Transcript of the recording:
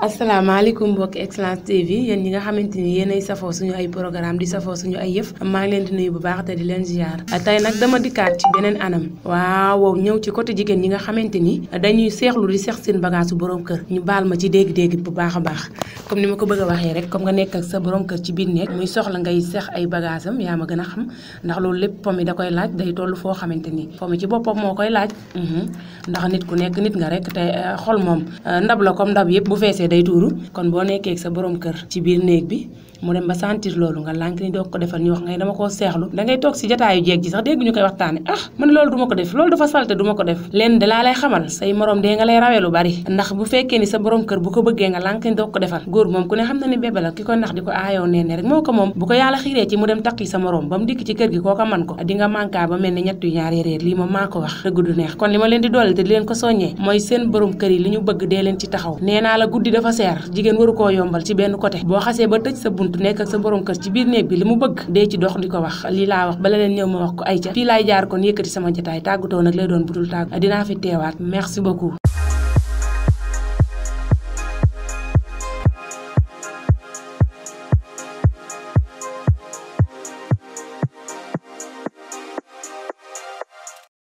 asalaamaaleykum mbokki excellence tv yéen ñi nga xamante ni yéenay safoo suñu ay programme di safoo suñu ay yëf maa ngi leen di nuyu bu baax te di leen ziar tey nag dama dikkaat ci beneen anam waaw ñëw ci côté jigéen ñi nga xamante ni dañuy seexlu di seex seen bagage su borom kër ñu baal ma ci dégg-dégg bu baax a baax comme ni ma ko bëgg a waxee rek comme nga nekk ak sa borom kër ci biir nekk muy soxla ngay seex ay bagage am yaa ma gën a xam ndax loolu lépp pomi da koy laaj day toll foo xamante ni pomi ci boppam moo koy laaj mhm. ndax nit ku nekk nit nga rek te eh, xol eh, ndab la comme ndab yëpp bu feesee day tuuru kon boo nekkee ak sa borom kër ci biir néeg bi mu dem ba sentir loolu nga lànk ni doog ko defal ñu wax ngay dama koo seexlu da ngay toog si jataayu jeeg ji sax dégg ñu koy waxtaane ah man loolu duma ko def loolu dafa salte duma ko def leen dalaa lay xamal say morom dee nga lay rawee lu bari ndax bu fekkee ni sa borom kër bu ko bëggee nga lànk ni doog ko defal góor moom ku ne xam na ni bébé la ki ko nax di ko aayoo nee ne rek moo ko moom bu ko yàlla xiiree ci mu dem takki sa morom ba mu dikk ci kër gi kooka man ko di nga mankaa ba mel ni ñett yu ñaari réer lii moom maa ko wax dëgg du neex kon li ma leen di doole te di leen ko soññee mooy seen borom kër yi li ñu bëgg dee leen ci taxaw nee naa la guddi dafa seer jigéen waru koo yombal ci benn côté boo xasee ba tëj sa bun du di nekk sa borom kër ci biir néeg bi li mu bëgg dee ci dox di ko wax lii laa wax ba leneen ñëw ma wax ko ay ca fii laay jaar kon yëkkati sama jataay tàggatoo nag lay doon budul tàgg dinaa fi teewaat merci beaucoup